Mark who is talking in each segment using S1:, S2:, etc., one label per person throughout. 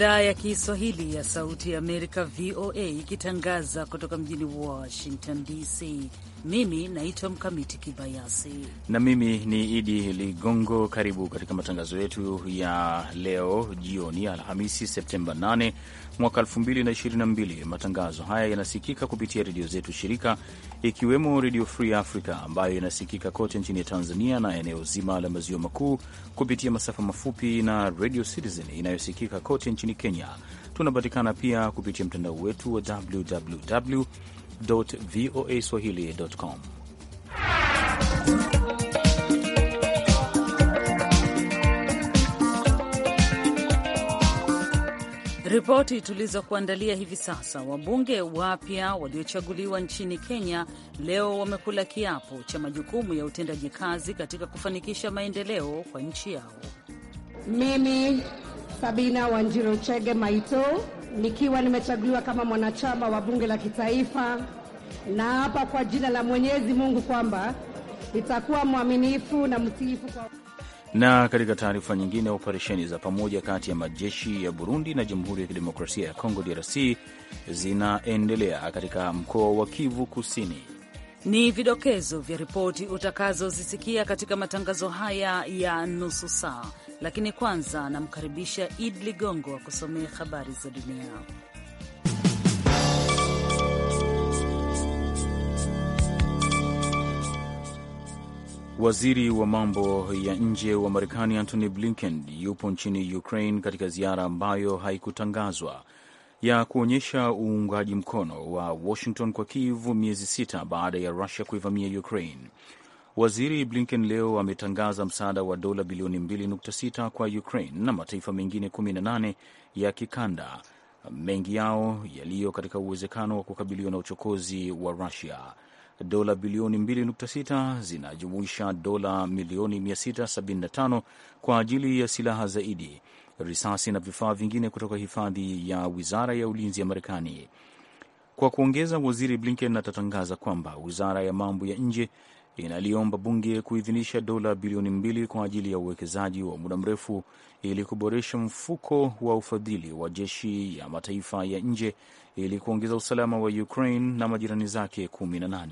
S1: idhaa ya Kiswahili ya Sauti ya Amerika, VOA, ikitangaza kutoka mjini Washington DC. Mimi naitwa Mkamiti Kibayasi
S2: na mimi ni Idi Ligongo. Karibu katika matangazo yetu ya leo jioni, Alhamisi Septemba mwaka 2022. Matangazo haya yanasikika kupitia redio zetu shirika, ikiwemo Redio Free Africa ambayo inasikika kote nchini Tanzania na eneo zima la maziwa makuu kupitia masafa mafupi na Radio Citizen inayosikika kote nchini Kenya. Tunapatikana pia kupitia mtandao wetu wa www voa swahili.com.
S1: Ripoti tulizokuandalia hivi sasa. Wabunge wapya waliochaguliwa nchini Kenya leo wamekula kiapo cha majukumu ya utendaji kazi katika kufanikisha maendeleo kwa nchi yao. Mimi Sabina Wanjiro Chege Maito nikiwa nimechaguliwa kama mwanachama wa bunge la kitaifa, na hapa kwa jina la Mwenyezi Mungu kwamba nitakuwa mwaminifu na mtiifu kwa
S2: na katika taarifa nyingine, operesheni za pamoja kati ya majeshi ya Burundi na Jamhuri ya Kidemokrasia ya Kongo DRC zinaendelea katika mkoa wa Kivu Kusini.
S1: Ni vidokezo vya ripoti utakazozisikia katika matangazo haya ya nusu saa, lakini kwanza namkaribisha Id Ligongo akusomea habari za dunia.
S2: Waziri wa mambo ya nje wa Marekani Antony Blinken yupo nchini Ukraine katika ziara ambayo haikutangazwa ya kuonyesha uungaji mkono wa Washington kwa Kiev, miezi sita baada ya Rusia kuivamia Ukraine. Waziri Blinken leo ametangaza msaada wa dola bilioni 2.6 kwa Ukraine na mataifa mengine 18 ya kikanda, mengi yao yaliyo katika uwezekano wa kukabiliwa na uchokozi wa Rusia dola bilioni 2.6 zinajumuisha dola milioni 675 kwa ajili ya silaha zaidi, risasi na vifaa vingine kutoka hifadhi ya wizara ya ulinzi ya Marekani. Kwa kuongeza, waziri Blinken atatangaza kwamba wizara ya mambo ya nje inaliomba bunge kuidhinisha dola bilioni mbili kwa ajili ya uwekezaji wa muda mrefu ili kuboresha mfuko wa ufadhili wa jeshi ya mataifa ya nje ili kuongeza usalama wa Ukraine na majirani zake 18.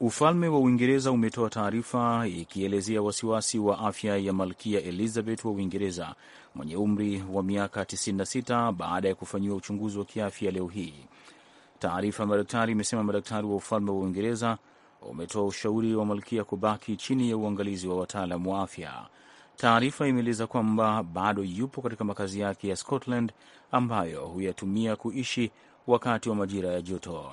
S2: Ufalme wa Uingereza umetoa taarifa ikielezea wasiwasi wa afya ya Malkia Elizabeth wa Uingereza mwenye umri wa miaka 96 baada ya kufanyiwa uchunguzi wa kiafya leo hii. Taarifa ya madaktari imesema madaktari wa ufalme wa Uingereza umetoa ushauri wa malkia kubaki chini ya uangalizi wa wataalam wa afya. Taarifa imeeleza kwamba bado yupo katika makazi yake ya Scotland ambayo huyatumia kuishi wakati wa majira ya joto.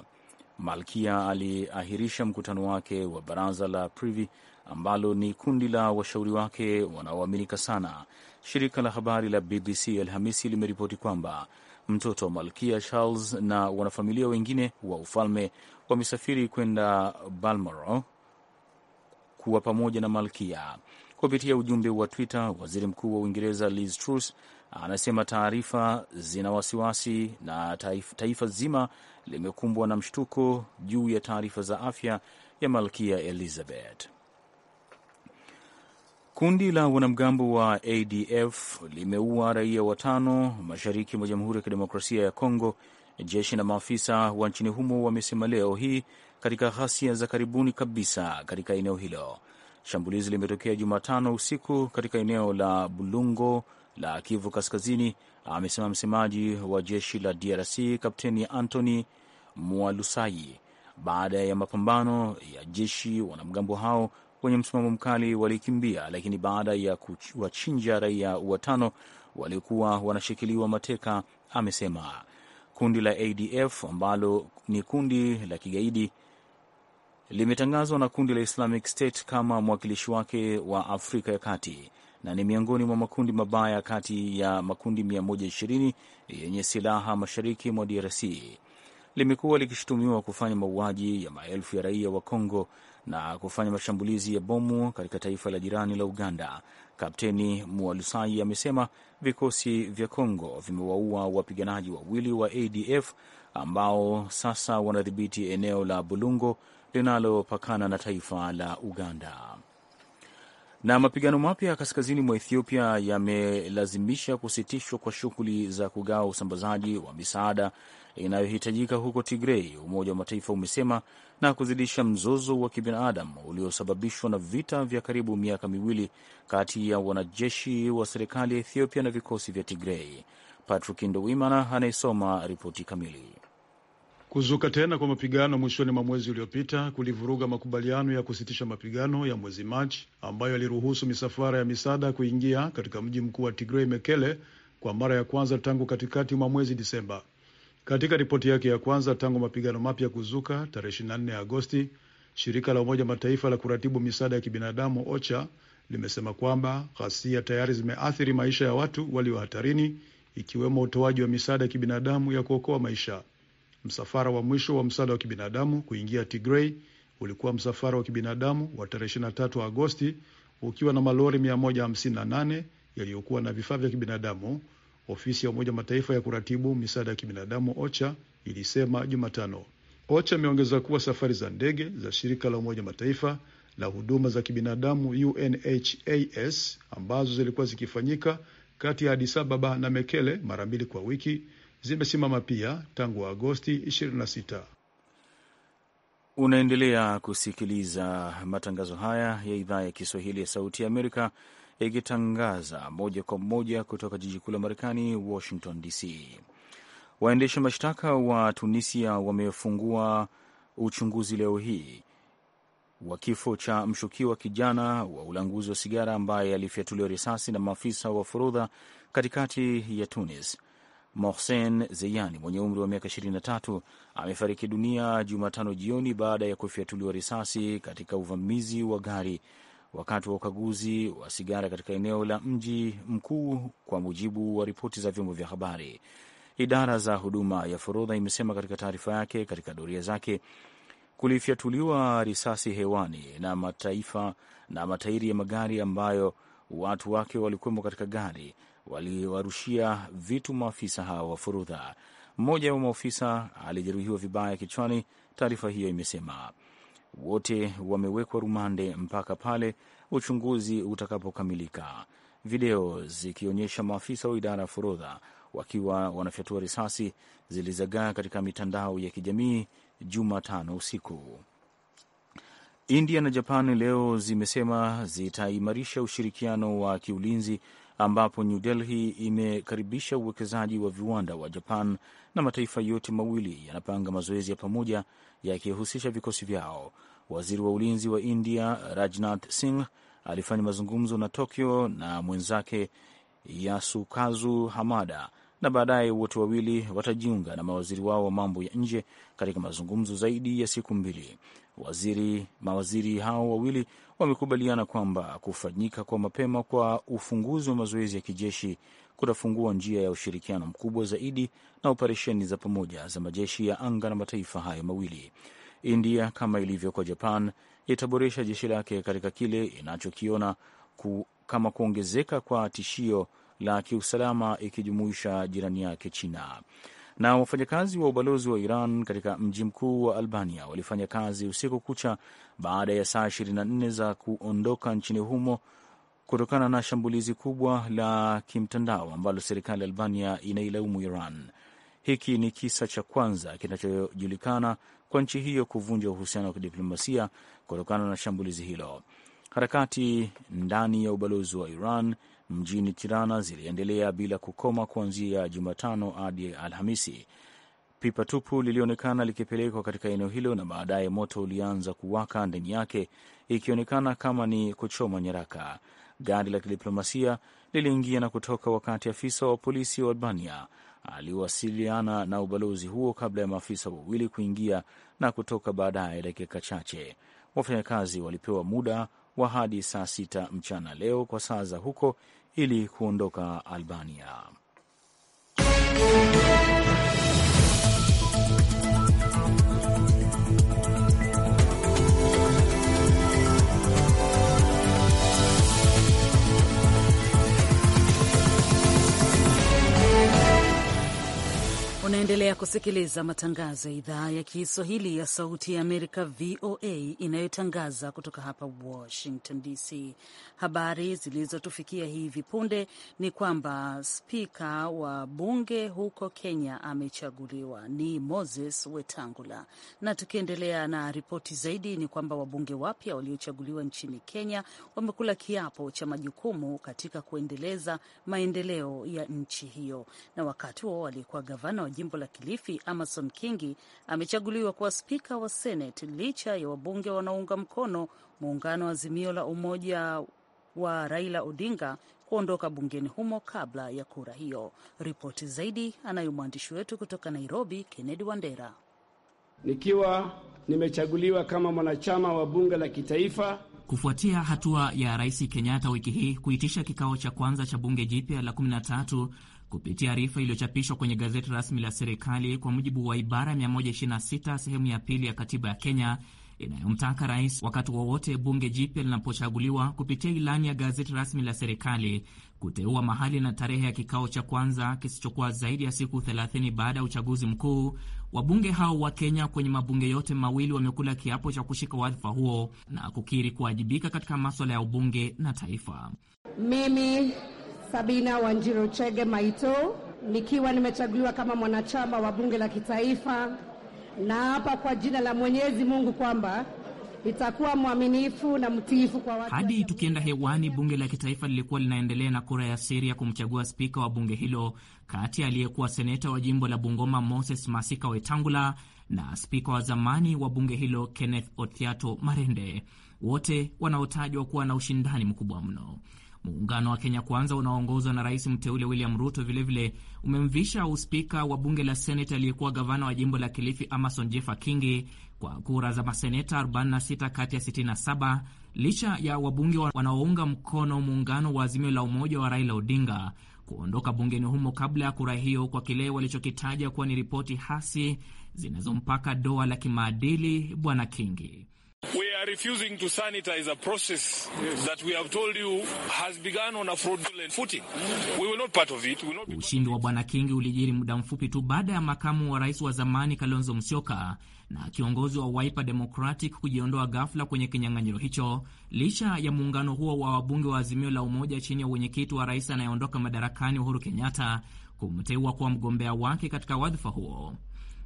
S2: Malkia aliahirisha mkutano wake wa baraza la Privy ambalo ni kundi la washauri wake wanaoaminika sana. Shirika la habari la BBC Alhamisi limeripoti kwamba mtoto wa Malkia Charles na wanafamilia wengine wa ufalme wamesafiri kwenda Balmoral kuwa pamoja na Malkia. Kupitia ujumbe wa Twitter, waziri mkuu wa Uingereza Liz Truss anasema taarifa zina wasiwasi na taifa, taifa zima limekumbwa na mshtuko juu ya taarifa za afya ya Malkia Elizabeth. Kundi la wanamgambo wa ADF limeua raia watano mashariki mwa Jamhuri ya Kidemokrasia ya Kongo, jeshi na maafisa wa nchini humo wamesema leo hii katika ghasia za karibuni kabisa katika eneo hilo. Shambulizi limetokea Jumatano usiku katika eneo la Bulungo la Kivu Kaskazini, amesema msemaji wa jeshi la DRC Kapteni Antony mwalusai Baada ya mapambano ya jeshi, wanamgambo hao wenye msimamo mkali walikimbia, lakini baada ya kuwachinja raia watano waliokuwa wanashikiliwa mateka, amesema. Kundi la ADF ambalo ni kundi la kigaidi limetangazwa na kundi la Islamic State kama mwakilishi wake wa Afrika ya Kati na ni miongoni mwa makundi mabaya kati ya makundi 120 yenye silaha mashariki mwa DRC. Limekuwa likishutumiwa kufanya mauaji ya maelfu ya raia wa Kongo na kufanya mashambulizi ya bomu katika taifa la jirani la Uganda. Kapteni Mualusai amesema vikosi vya Kongo vimewaua wapiganaji wawili wa ADF ambao sasa wanadhibiti eneo la Bulungo linalopakana na taifa la Uganda. Na mapigano mapya kaskazini mwa Ethiopia yamelazimisha kusitishwa kwa shughuli za kugawa usambazaji wa misaada inayohitajika huko Tigrei, Umoja wa Mataifa umesema na kuzidisha mzozo wa kibinadamu uliosababishwa na vita vya karibu miaka miwili kati ya wanajeshi wa serikali ya Ethiopia na vikosi vya Tigrei. Patrick Ndowimana anayesoma ripoti kamili.
S3: Kuzuka tena kwa mapigano mwishoni mwa mwezi uliopita kulivuruga makubaliano ya kusitisha mapigano ya mwezi Machi ambayo yaliruhusu misafara ya misaada kuingia katika mji mkuu wa Tigrei, Mekele, kwa mara ya kwanza tangu katikati mwa mwezi Disemba. Katika ripoti yake ya kwanza tangu mapigano mapya kuzuka tarehe 24 Agosti, shirika la Umoja Mataifa la kuratibu misaada ya kibinadamu OCHA limesema kwamba ghasia tayari zimeathiri maisha ya watu walio hatarini, ikiwemo utoaji wa misaada ya kibinadamu ya kuokoa maisha. Msafara wa mwisho wa msaada wa kibinadamu kuingia Tigray ulikuwa msafara wa kibinadamu wa tarehe 23 Agosti ukiwa na malori 158 yaliyokuwa na vifaa vya kibinadamu Ofisi ya Umoja Mataifa ya kuratibu misaada ya kibinadamu OCHA ilisema Jumatano. OCHA imeongeza kuwa safari za ndege za shirika la Umoja Mataifa la huduma za kibinadamu UNHAS ambazo zilikuwa zikifanyika kati ya Addis Ababa na Mekele mara mbili kwa wiki zimesimama pia tangu Agosti 26.
S2: Unaendelea kusikiliza matangazo haya ya idhaa ya Kiswahili ya Sauti ya Amerika ikitangaza moja kwa moja kutoka jiji kuu la Marekani, Washington DC. Waendesha mashtaka wa Tunisia wamefungua uchunguzi leo hii wa kifo cha mshukiwa kijana wa ulanguzi wa sigara ambaye alifyatuliwa risasi na maafisa wa forodha katikati ya Tunis. Mohsen Zeyani mwenye umri wa miaka 23 amefariki dunia Jumatano jioni baada ya kufyatuliwa risasi katika uvamizi wa gari wakati wa ukaguzi wa sigara katika eneo la mji mkuu, kwa mujibu wa ripoti za vyombo vya habari. Idara za huduma ya forodha imesema katika taarifa yake, katika doria zake kulifyatuliwa risasi hewani na mataifa na matairi ya magari ambayo watu wake walikuwemo katika gari waliwarushia vitu maafisa hao wa forodha. Mmoja wa maofisa alijeruhiwa vibaya kichwani, taarifa hiyo imesema. Wote wamewekwa rumande mpaka pale uchunguzi utakapokamilika, video zikionyesha maafisa wa idara ya forodha wakiwa wanafyatua risasi zilizagaa katika mitandao ya kijamii Jumatano usiku. India na Japan leo zimesema zitaimarisha ushirikiano wa kiulinzi ambapo New Delhi imekaribisha uwekezaji wa viwanda wa Japan na mataifa yote mawili yanapanga mazoezi ya pamoja yakihusisha vikosi vyao. Waziri wa ulinzi wa India Rajnath Singh alifanya mazungumzo na Tokyo na mwenzake Yasukazu Hamada na baadaye wote wawili watajiunga na mawaziri wao wa mambo ya nje katika mazungumzo zaidi ya siku mbili. Waziri, mawaziri hao wawili wamekubaliana kwamba kufanyika kwa mapema kwa ufunguzi wa mazoezi ya kijeshi kutafungua njia ya ushirikiano mkubwa zaidi na operesheni za pamoja za majeshi ya anga na mataifa hayo mawili. India kama ilivyo kwa Japan itaboresha jeshi lake katika kile inachokiona ku, kama kuongezeka kwa tishio la kiusalama ikijumuisha jirani yake China. Na wafanyakazi wa ubalozi wa Iran katika mji mkuu wa Albania walifanya kazi usiku kucha baada ya saa 24 za kuondoka nchini humo kutokana na shambulizi kubwa la kimtandao ambalo serikali ya Albania inailaumu Iran. Hiki ni kisa cha kwanza kinachojulikana kwa nchi hiyo kuvunja uhusiano wa kidiplomasia kutokana na shambulizi hilo. Harakati ndani ya ubalozi wa Iran mjini Tirana ziliendelea bila kukoma kuanzia Jumatano hadi Alhamisi. Pipa tupu lilionekana likipelekwa katika eneo hilo na baadaye moto ulianza kuwaka ndani yake, ikionekana kama ni kuchoma nyaraka. Gari la kidiplomasia liliingia na kutoka wakati afisa wa polisi wa Albania aliwasiliana na ubalozi huo kabla ya maafisa wawili kuingia na kutoka baadaye dakika chache. Wafanyakazi walipewa muda wa hadi saa sita mchana leo kwa saa za huko ili kuondoka Albania.
S1: Unaendelea kusikiliza matangazo ya idhaa ya Kiswahili ya Sauti ya Amerika, VOA, inayotangaza kutoka hapa Washington DC. Habari zilizotufikia hivi punde ni kwamba spika wa bunge huko Kenya amechaguliwa ni Moses Wetangula. Na tukiendelea na ripoti zaidi, ni kwamba wabunge wapya waliochaguliwa nchini Kenya wamekula kiapo cha majukumu katika kuendeleza maendeleo ya nchi hiyo, na wakati huo walikuwa gavana jimbo la Kilifi, Amason Kingi amechaguliwa kuwa spika wa senet licha ya wabunge wanaounga mkono muungano wa Azimio la Umoja wa Raila Odinga kuondoka bungeni humo kabla ya kura hiyo. Ripoti zaidi anayo mwandishi wetu kutoka Nairobi, Kennedy Wandera. Nikiwa
S4: nimechaguliwa kama mwanachama wa bunge la kitaifa
S5: kufuatia hatua ya Rais Kenyatta wiki hii kuitisha kikao cha kwanza cha bunge jipya la 13 Kupitia arifa iliyochapishwa kwenye gazeti rasmi la serikali kwa mujibu wa ibara 126 sehemu ya pili ya katiba ya Kenya inayomtaka rais wakati wowote bunge jipya linapochaguliwa kupitia ilani ya gazeti rasmi la serikali kuteua mahali na tarehe ya kikao cha kwanza kisichokuwa zaidi ya siku 30 baada ya uchaguzi mkuu. Wabunge hao wa Kenya kwenye mabunge yote mawili wamekula kiapo cha kushika wadhifa huo na kukiri kuwajibika katika maswala ya ubunge na taifa.
S1: Mimi Sabina Wanjiro Chege Maito, nikiwa nimechaguliwa kama mwanachama wa bunge la kitaifa, na hapa kwa jina la Mwenyezi Mungu kwamba itakuwa mwaminifu na mtiifu kwa watu. Hadi
S5: tukienda hewani, bunge la kitaifa lilikuwa linaendelea na kura ya siri ya kumchagua spika wa bunge hilo kati aliyekuwa seneta wa jimbo la Bungoma Moses Masika Wetangula na spika wa zamani wa bunge hilo Kenneth otiato Marende, wote wanaotajwa kuwa na ushindani mkubwa mno. Muungano wa Kenya Kwanza unaoongozwa na rais mteule William Ruto vilevile umemvisha uspika wa bunge la Seneti aliyekuwa gavana wa jimbo la Kilifi Amason Jeffa Kingi kwa kura za maseneta 46 kati ya 67 licha ya wabunge wanaounga mkono muungano wa Azimio la Umoja wa Raila Odinga kuondoka bungeni humo kabla ya kura hiyo kwa kile walichokitaja kuwa ni ripoti hasi zinazompaka doa la kimaadili Bwana Kingi.
S4: We are refusing to sanitize a process that we have told you has begun on a fraudulent footing. We will not part of it. We will
S5: not... Ushindi wa Bwana Kingi ulijiri muda mfupi tu baada ya makamu wa rais wa zamani Kalonzo Musyoka na kiongozi wa Wiper Democratic kujiondoa ghafla kwenye kinyang'anyiro hicho licha ya muungano huo wa wabunge wa Azimio la Umoja chini ya uwenyekiti wa rais anayeondoka madarakani Uhuru Kenyatta kumteua kuwa mgombea wake katika wadhifa huo.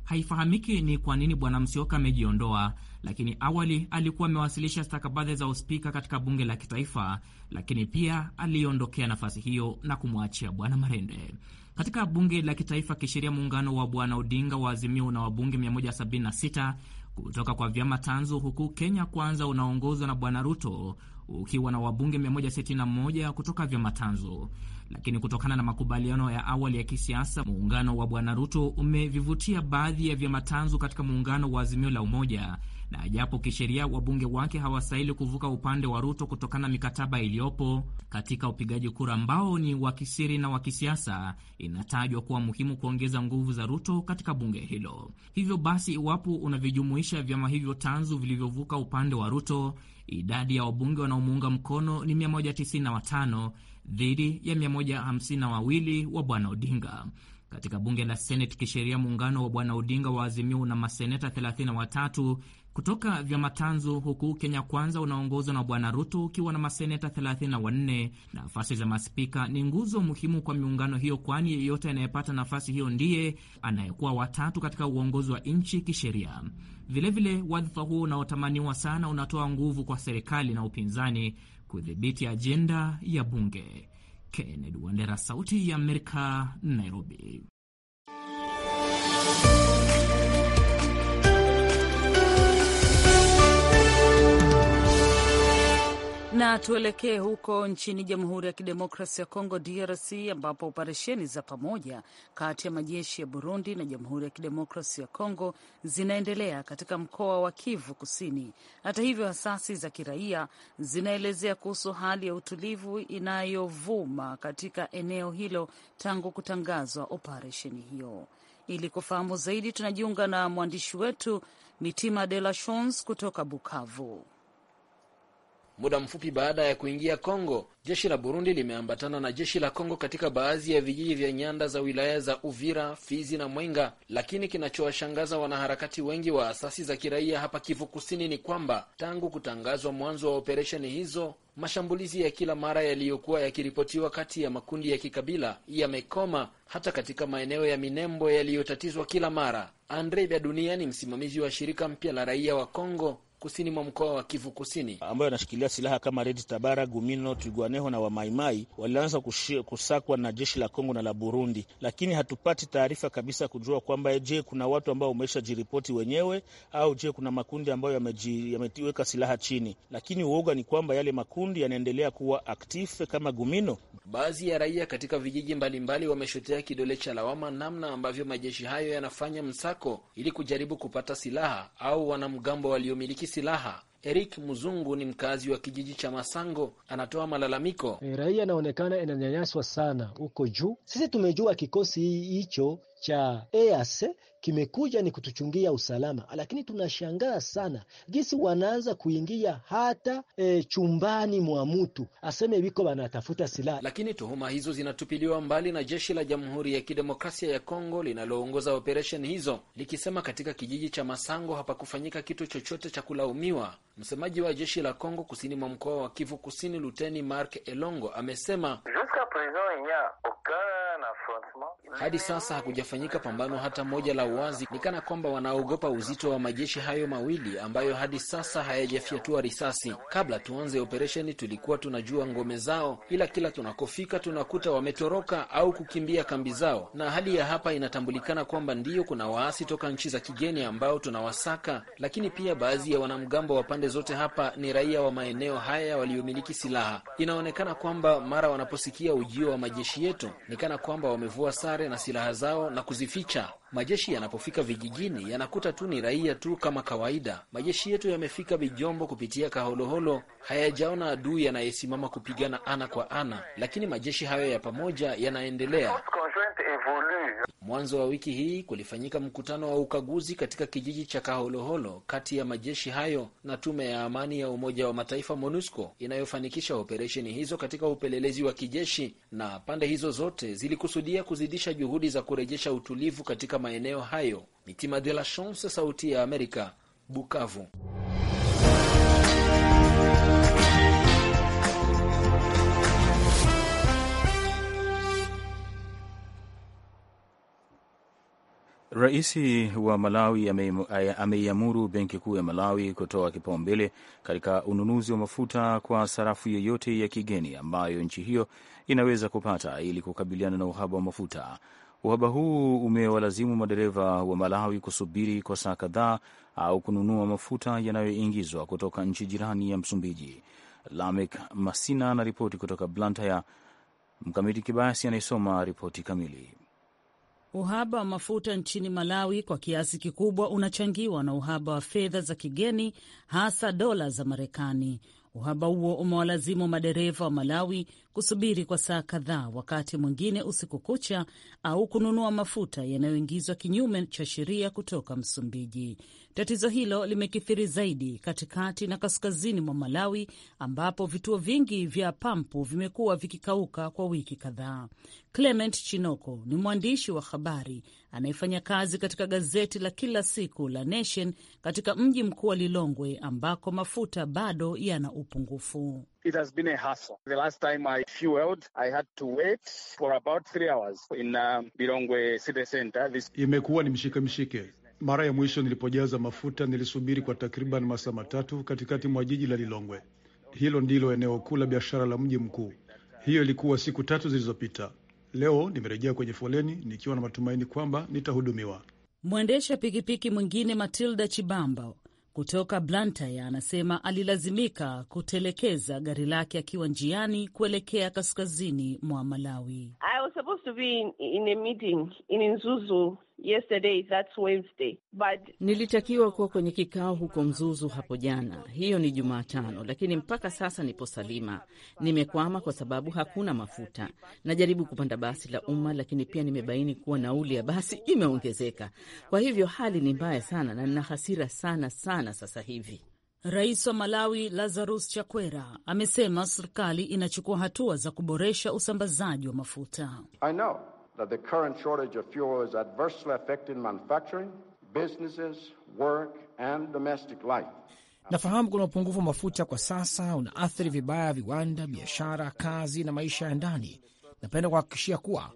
S5: Haifahamiki ni kwa nini bwana Msioka amejiondoa, lakini awali alikuwa amewasilisha stakabadhi za uspika katika bunge la kitaifa, lakini pia aliondokea nafasi hiyo na kumwachia bwana Marende katika bunge la kitaifa. Kisheria, muungano wa bwana Odinga wa Azimio una wabunge 176 kutoka kwa vyama tanzu, huku Kenya Kwanza unaongozwa na bwana Ruto ukiwa na wabunge 161 kutoka vyama tanzu lakini kutokana na makubaliano ya awali ya kisiasa, muungano wa Bwana Ruto umevivutia baadhi ya vyama tanzu katika muungano wa Azimio la Umoja, na japo kisheria wabunge wake hawastahili kuvuka upande wa Ruto kutokana na mikataba iliyopo katika upigaji kura ambao ni wa kisiri na wa kisiasa, inatajwa kuwa muhimu kuongeza nguvu za Ruto katika bunge hilo. Hivyo basi, iwapo unavijumuisha vyama hivyo tanzu vilivyovuka upande wa Ruto, idadi ya wabunge wanaomuunga mkono ni 195 dhidi ya 152 wa Bwana Odinga. Katika bunge la Seneti kisheria, muungano wa Bwana Odinga wa Azimio una maseneta 33 kutoka vyama tanzu, huku Kenya Kwanza unaongozwa na Bwana Ruto ukiwa na maseneta 34. Nafasi za maspika ni nguzo muhimu kwa miungano hiyo, kwani yeyote anayepata nafasi hiyo ndiye anayekuwa watatu katika uongozi wa nchi kisheria. Vilevile, wadhifa huo unaotamaniwa sana unatoa nguvu kwa serikali na upinzani kudhibiti ajenda ya bunge. Kennedy Wandera, Sauti ya Amerika, Nairobi.
S1: Na tuelekee huko nchini Jamhuri ya Kidemokrasi ya Kongo, DRC, ambapo operesheni za pamoja kati ya majeshi ya Burundi na Jamhuri ya Kidemokrasi ya Kongo zinaendelea katika mkoa wa Kivu Kusini. Hata hivyo, asasi za kiraia zinaelezea kuhusu hali ya utulivu inayovuma katika eneo hilo tangu kutangazwa operesheni hiyo. Ili kufahamu zaidi, tunajiunga na mwandishi wetu Mitima De La Shons kutoka Bukavu.
S4: Muda mfupi baada ya kuingia Kongo, jeshi la Burundi limeambatana na jeshi la Kongo katika baadhi ya vijiji vya nyanda za wilaya za Uvira, Fizi na Mwenga. Lakini kinachowashangaza wanaharakati wengi wa asasi za kiraia hapa Kivu Kusini ni kwamba tangu kutangazwa mwanzo wa operesheni hizo, mashambulizi ya kila mara yaliyokuwa yakiripotiwa kati ya makundi ya kikabila yamekoma, hata katika maeneo ya Minembo yaliyotatizwa kila mara. Andre Byadunia ni msimamizi wa shirika mpya la raia wa Kongo kusini mwa mkoa wa Kivu Kusini, ambayo anashikilia silaha kama Red Tabara, Gumino, Twigwaneho na Wamaimai walianza kusakwa na jeshi la Kongo na la Burundi, lakini hatupati taarifa kabisa
S2: kujua kwamba je, kuna watu ambao wameisha jiripoti wenyewe au je, kuna makundi ambayo yameweka silaha chini. Lakini uoga ni kwamba yale makundi yanaendelea kuwa aktif kama Gumino.
S4: Baadhi ya raia katika vijiji mbalimbali wameshotea kidole cha lawama namna ambavyo majeshi hayo yanafanya msako ili kujaribu kupata silaha au wanamgambo waliomiliki silaha. Eric Mzungu ni mkazi wa kijiji cha Masango, anatoa malalamiko. E, raia anaonekana inanyanyaswa sana huko juu. Sisi tumejua kikosi hicho cha EAC kimekuja ni kutuchungia usalama, lakini tunashangaa sana jinsi wanaanza kuingia hata e, chumbani mwa mtu aseme viko wanatafuta silaha. Lakini tuhuma hizo zinatupiliwa mbali na jeshi la Jamhuri ya Kidemokrasia ya Kongo linaloongoza operesheni hizo likisema katika kijiji cha Masango hapakufanyika kitu chochote cha kulaumiwa. Msemaji wa jeshi la Kongo kusini mwa mkoa wa Kivu Kusini, Luteni Mark Elongo amesema Juska hadi sasa hakujafanyika pambano hata moja la uwazi, ni kana kwamba wanaogopa uzito wa majeshi hayo mawili ambayo hadi sasa hayajafyatua risasi. Kabla tuanze operesheni, tulikuwa tunajua ngome zao, ila kila tunakofika tunakuta wametoroka au kukimbia kambi zao, na hali ya hapa inatambulikana kwamba ndiyo kuna waasi toka nchi za kigeni ambao tunawasaka, lakini pia baadhi ya wanamgambo wa pande zote hapa ni raia wa maeneo haya waliomiliki silaha. Inaonekana kwamba mara wanaposikia ujio wa majeshi yetu ni kana kwamba kwamba wamevua sare na silaha zao na kuzificha. Majeshi yanapofika vijijini yanakuta tu ni raia tu kama kawaida. Majeshi yetu yamefika Bijombo kupitia Kaholoholo, hayajaona adui yanayesimama kupigana ana kwa ana, lakini majeshi hayo ya pamoja yanaendelea Mwanzo wa wiki hii kulifanyika mkutano wa ukaguzi katika kijiji cha Kaholoholo kati ya majeshi hayo na tume ya amani ya Umoja wa Mataifa MONUSCO inayofanikisha operesheni hizo katika upelelezi wa kijeshi, na pande hizo zote zilikusudia kuzidisha juhudi za kurejesha utulivu katika maeneo hayo. Mitima de la Chance, Sauti ya Amerika, Bukavu.
S2: Rais wa Malawi ameiamuru Benki Kuu ya Malawi kutoa kipaumbele katika ununuzi wa mafuta kwa sarafu yoyote ya kigeni ambayo nchi hiyo inaweza kupata ili kukabiliana na uhaba wa mafuta. Uhaba huu umewalazimu madereva wa Malawi kusubiri kwa saa kadhaa au kununua mafuta yanayoingizwa kutoka nchi jirani ya Msumbiji. Lamek Masina anaripoti kutoka Blantyre. Mkamiti Kibayasi anayesoma ripoti kamili.
S1: Uhaba wa mafuta nchini Malawi kwa kiasi kikubwa unachangiwa na uhaba wa fedha za kigeni, hasa dola za Marekani. Uhaba huo umewalazimu madereva wa Malawi kusubiri kwa saa kadhaa, wakati mwingine usiku kucha, au kununua mafuta yanayoingizwa kinyume cha sheria kutoka Msumbiji. Tatizo hilo limekithiri zaidi katikati na kaskazini mwa Malawi, ambapo vituo vingi vya pampu vimekuwa vikikauka kwa wiki kadhaa. Clement Chinoko ni mwandishi wa habari anayefanya kazi katika gazeti la kila siku la Nation katika mji mkuu wa Lilongwe ambako mafuta bado yana upungufu.
S4: It has been a hassle. The last time I fueled, I had to wait for about three hours in um, Birongwe City Center. This...
S3: Imekuwa ni mshike mshike. Mara ya mwisho nilipojaza mafuta nilisubiri kwa takriban masaa matatu katikati mwa jiji la Lilongwe. Hilo ndilo eneo kuu la biashara la mji mkuu. Hiyo ilikuwa siku tatu zilizopita. Leo nimerejea kwenye foleni nikiwa na matumaini kwamba nitahudumiwa.
S1: Mwendesha pikipiki mwingine Matilda Chibambo kutoka Blantyre anasema alilazimika kutelekeza gari lake akiwa njiani kuelekea kaskazini mwa Malawi.
S6: I was supposed to be in, in a meeting in Nzuzu
S1: Yesterday, that's Wednesday. But... nilitakiwa kuwa kwenye kikao huko Mzuzu hapo
S6: jana, hiyo ni Jumatano, lakini mpaka sasa nipo salima. Nimekwama kwa sababu hakuna mafuta. Najaribu kupanda basi la umma, lakini pia nimebaini kuwa nauli ya basi imeongezeka. Kwa hivyo hali ni mbaya sana na nina hasira sana sana sasa hivi.
S1: Rais wa Malawi Lazarus Chakwera amesema serikali inachukua hatua za kuboresha usambazaji wa mafuta.
S3: I know that the current shortage of fuel is adversely affecting manufacturing, businesses, work and domestic life.
S4: Nafahamu kuna upungufu wa mafuta kwa sasa unaathiri vibaya viwanda, biashara, kazi na maisha ya ndani. Napenda kuhakikishia kuwa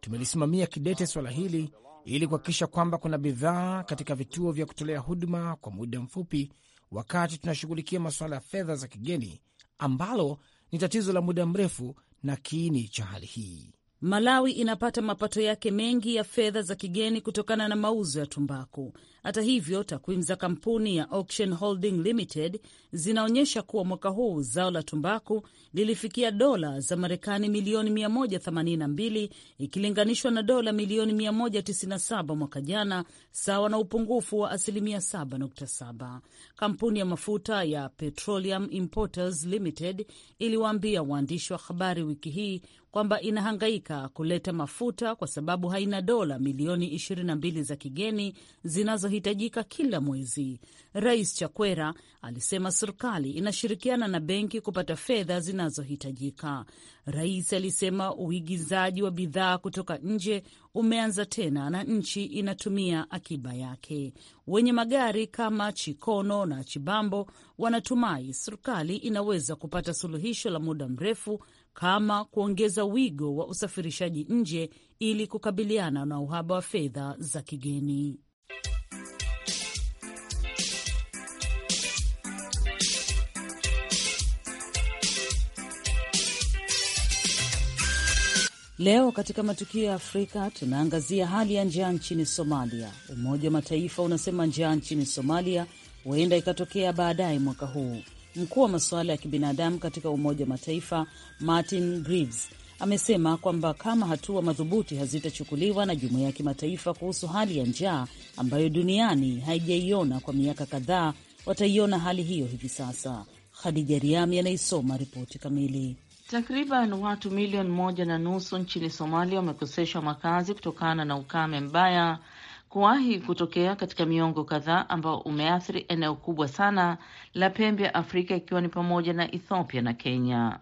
S4: tumelisimamia kidete swala hili ili kuhakikisha kwamba kuna bidhaa katika vituo vya kutolea huduma kwa muda mfupi, wakati tunashughulikia masuala ya fedha za kigeni, ambalo ni tatizo la muda mrefu na kiini cha hali hii.
S1: Malawi inapata mapato yake mengi ya fedha za kigeni kutokana na mauzo ya tumbaku. Hata hivyo, takwimu za kampuni ya Auction Holding Limited zinaonyesha kuwa mwaka huu zao la tumbaku lilifikia dola za Marekani milioni 182 ikilinganishwa na dola milioni 197 mwaka jana, sawa na upungufu wa asilimia 7.7. Kampuni ya mafuta ya Petroleum Importers Limited iliwaambia waandishi wa habari wiki hii kwamba inahangaika kuleta mafuta kwa sababu haina dola milioni 22 za kigeni zinazohitajika kila mwezi. Rais Chakwera alisema serikali inashirikiana na benki kupata fedha zinazohitajika. Rais alisema uigizaji wa bidhaa kutoka nje umeanza tena na nchi inatumia akiba yake. Wenye magari kama Chikono na Chibambo wanatumai serikali inaweza kupata suluhisho la muda mrefu kama kuongeza wigo wa usafirishaji nje ili kukabiliana na uhaba wa fedha za kigeni. Leo katika matukio ya Afrika tunaangazia hali ya njaa nchini Somalia. Umoja wa Mataifa unasema njaa nchini Somalia huenda ikatokea baadaye mwaka huu mkuu wa masuala ya kibinadamu katika Umoja wa Mataifa Martin Grives amesema kwamba kama hatua madhubuti hazitachukuliwa na jumuiya ya kimataifa kuhusu hali ya njaa ambayo duniani haijaiona kwa miaka kadhaa, wataiona hali hiyo hivi sasa. Khadija Riami anaisoma ripoti kamili.
S6: Takriban watu milioni moja na nusu nchini Somalia wamekoseshwa makazi kutokana na ukame mbaya kuwahi kutokea katika miongo kadhaa ambao umeathiri eneo kubwa sana la pembe ya Afrika ikiwa ni pamoja na Ethiopia na Kenya.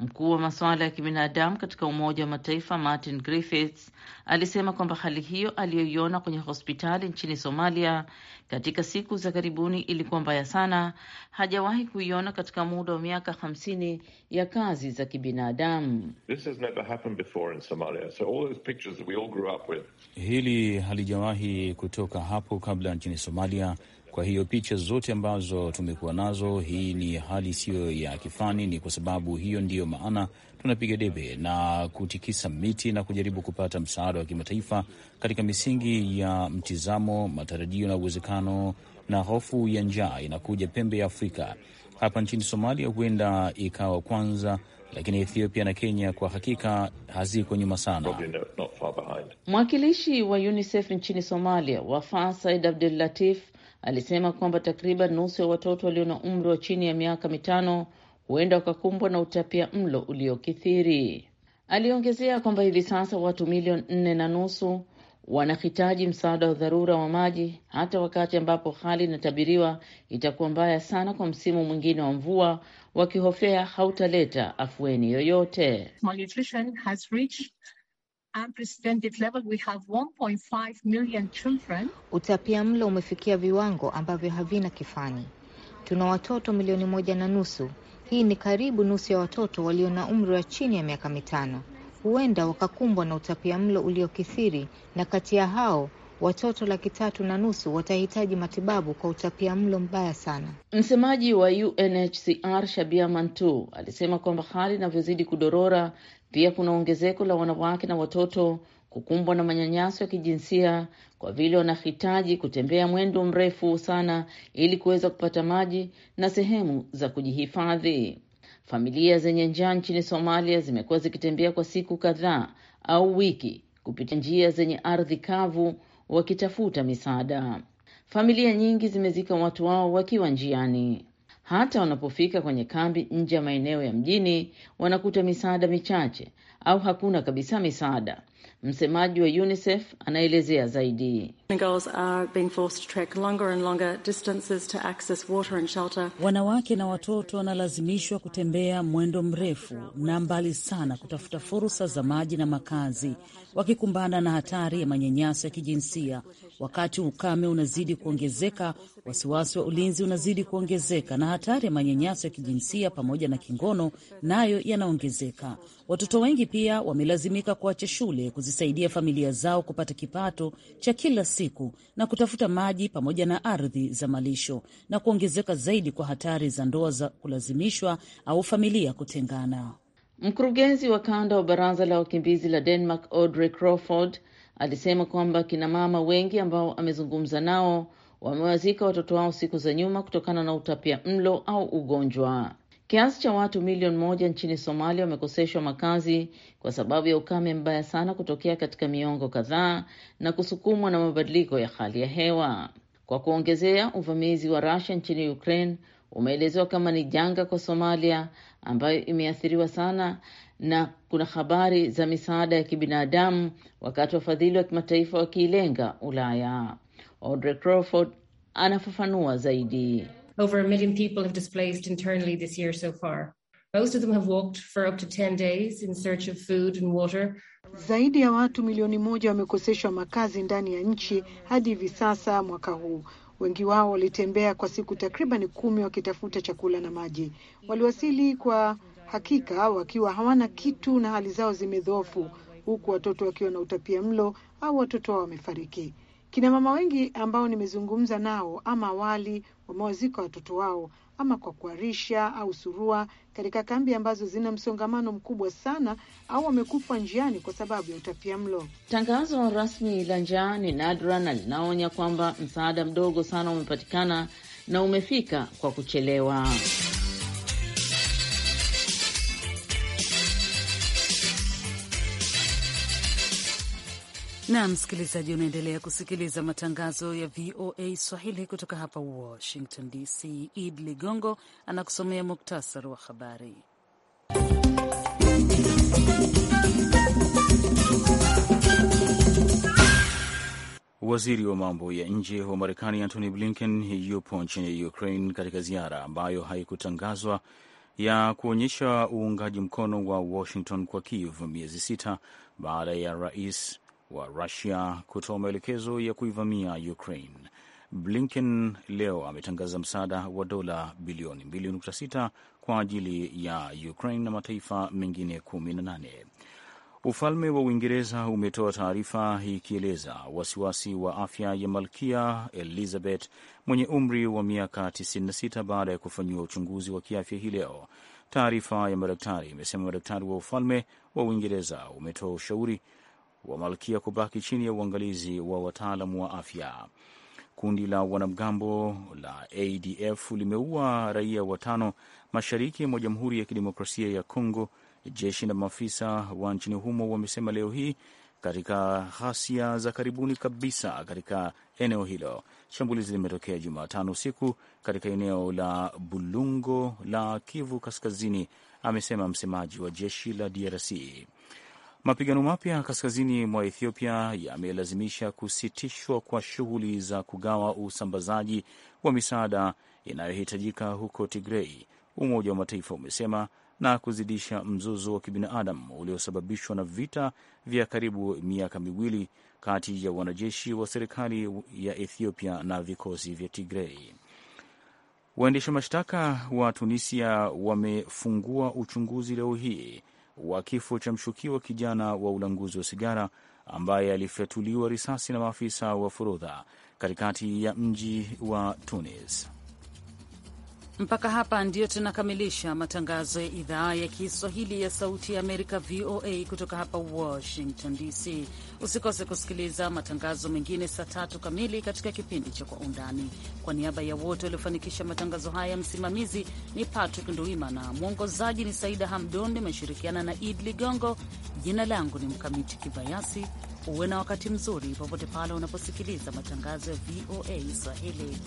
S6: Mkuu wa masuala ya kibinadamu katika Umoja wa Mataifa Martin Griffiths alisema kwamba hali hiyo aliyoiona kwenye hospitali nchini Somalia katika siku za karibuni ilikuwa mbaya sana, hajawahi kuiona katika muda wa miaka hamsini ya kazi za kibinadamu.
S5: hili
S2: halijawahi kutoka hapo kabla nchini Somalia. Kwa hiyo picha zote ambazo tumekuwa nazo, hii ni hali isiyo ya kifani. Ni kwa sababu hiyo ndiyo maana tunapiga debe na kutikisa miti na kujaribu kupata msaada wa kimataifa katika misingi ya mtizamo, matarajio na uwezekano, na hofu ya njaa inakuja pembe ya Afrika. Hapa nchini Somalia huenda ikawa kwanza, lakini Ethiopia na Kenya kwa hakika haziko nyuma sana.
S6: Mwakilishi wa UNICEF nchini Somalia Wafaa Said Abdul Latif alisema kwamba takriban nusu ya watoto walio na umri wa chini ya miaka mitano huenda wakakumbwa na utapia mlo uliokithiri. Aliongezea kwamba hivi sasa watu milioni nne na nusu wanahitaji msaada wa dharura wa maji, hata wakati ambapo hali inatabiriwa itakuwa mbaya sana kwa msimu mwingine wa mvua, wakihofea hautaleta afueni yoyote.
S1: Malnutrition has reached
S6: Utapia mlo umefikia viwango ambavyo havina kifani. Tuna watoto milioni moja na nusu. Hii ni karibu nusu ya watoto walio na umri wa chini ya miaka mitano, huenda wakakumbwa na utapia mlo uliokithiri, na kati ya hao watoto laki tatu na nusu watahitaji matibabu kwa utapia mlo mbaya sana. Msemaji wa UNHCR Shabia Mantu alisema kwamba hali inavyozidi kudorora pia kuna ongezeko la wanawake na watoto kukumbwa na manyanyaso ya kijinsia kwa vile wanahitaji kutembea mwendo mrefu sana ili kuweza kupata maji na sehemu za kujihifadhi. Familia zenye njaa nchini Somalia zimekuwa zikitembea kwa siku kadhaa au wiki kupitia njia zenye ardhi kavu wakitafuta misaada. Familia nyingi zimezika watu wao wakiwa njiani. Hata wanapofika kwenye kambi nje ya maeneo ya mjini, wanakuta misaada michache au hakuna kabisa misaada, Msemaji wa UNICEF anaelezea zaidi.
S1: Wanawake na watoto wanalazimishwa kutembea mwendo mrefu na mbali sana kutafuta fursa za maji na makazi, wakikumbana na hatari ya manyanyaso ya kijinsia. Wakati ukame unazidi kuongezeka, wasiwasi wa ulinzi unazidi kuongezeka, na hatari ya manyanyaso ya kijinsia pamoja na kingono nayo yanaongezeka. Watoto wengi pia wamelazimika kuacha shule ya kuzisaidia familia zao kupata kipato cha kila siku na kutafuta maji pamoja na ardhi za malisho na kuongezeka zaidi kwa hatari za ndoa za kulazimishwa au familia kutengana. Mkurugenzi wa
S6: kanda wa baraza la wakimbizi la Denmark, Audrey Crawford, alisema kwamba kina mama wengi ambao amezungumza nao wamewazika watoto wao siku za nyuma kutokana na utapia mlo au ugonjwa. Kiasi cha watu milioni moja nchini Somalia wamekoseshwa makazi kwa sababu ya ukame mbaya sana kutokea katika miongo kadhaa na kusukumwa na mabadiliko ya hali ya hewa. Kwa kuongezea, uvamizi wa Russia nchini Ukraine umeelezewa kama ni janga kwa Somalia ambayo imeathiriwa sana na kuna habari za misaada ya kibinadamu wakati wafadhili wa kimataifa wakiilenga Ulaya. Audrey Crawford anafafanua zaidi. Over a million people
S1: have displaced internally this year so far. Most of them have walked for up to 10 days in search of food and water. Zaidi ya watu milioni moja wamekoseshwa makazi ndani ya nchi hadi hivi sasa mwaka huu. Wengi wao walitembea kwa siku takriban kumi wakitafuta chakula na maji. Waliwasili kwa hakika wakiwa hawana kitu na hali zao zimedhoofu, huku watoto wakiwa na utapia mlo au watoto wao wamefariki. Kina mama wengi ambao nimezungumza nao, ama awali wamewazika watoto wao ama kwa kuharisha au surua katika kambi ambazo zina msongamano mkubwa sana, au wamekufa njiani kwa sababu ya utapia mlo
S6: Tangazo rasmi la njaa ni nadra na linaonya kwamba msaada mdogo sana umepatikana na umefika kwa kuchelewa.
S1: na msikilizaji, unaendelea kusikiliza matangazo ya VOA Swahili kutoka hapa Washington DC. Id Ligongo anakusomea muktasari wa habari.
S2: Waziri wa mambo ya nje wa Marekani Antony Blinken yupo nchini Ukraine katika ziara ambayo haikutangazwa ya kuonyesha uungaji mkono wa Washington kwa Kiev miezi sita baada ya rais wa Rusia kutoa maelekezo ya kuivamia Ukraine. Blinken leo ametangaza msaada wa dola bilioni 2.6 kwa ajili ya Ukraine na mataifa mengine 18. Ufalme wa Uingereza umetoa taarifa ikieleza wasiwasi wa afya ya Malkia Elizabeth mwenye umri wa miaka 96 baada ya kufanyiwa uchunguzi wa kiafya hii leo. Taarifa ya madaktari imesema madaktari wa ufalme wa Uingereza umetoa ushauri wa Malkia kubaki chini ya uangalizi wa wataalamu wa afya. Kundi la wanamgambo la ADF limeua raia watano mashariki mwa Jamhuri ya Kidemokrasia ya Kongo, jeshi na maafisa wa nchini humo wamesema leo hii katika ghasia za karibuni kabisa katika eneo hilo. Shambulizi limetokea Jumatano usiku katika eneo la Bulungo la Kivu Kaskazini, amesema msemaji wa jeshi la DRC. Mapigano mapya kaskazini mwa Ethiopia yamelazimisha kusitishwa kwa shughuli za kugawa usambazaji wa misaada inayohitajika huko Tigrei, Umoja wa Mataifa umesema na kuzidisha mzozo wa kibinadamu uliosababishwa na vita vya karibu miaka miwili kati ya wanajeshi wa serikali ya Ethiopia na vikosi vya Tigrei. Waendesha mashtaka wa Tunisia wamefungua uchunguzi leo hii wa kifo cha mshukiwa kijana wa ulanguzi wa sigara ambaye alifyatuliwa risasi na maafisa wa forodha katikati ya mji wa Tunis.
S1: Mpaka hapa ndio tunakamilisha matangazo ya idhaa ya Kiswahili ya Sauti ya Amerika, VOA, kutoka hapa Washington DC. Usikose kusikiliza matangazo mengine saa tatu kamili katika kipindi cha Kwa Undani. Kwa niaba ya wote waliofanikisha matangazo haya, msimamizi ni Patrick nduimana mwongozaji ni Saida Hamdon, nimeshirikiana na Id Ligongo. Jina langu ni Mkamiti Kibayasi. Uwe na wakati mzuri popote pale unaposikiliza matangazo ya VOA Swahili.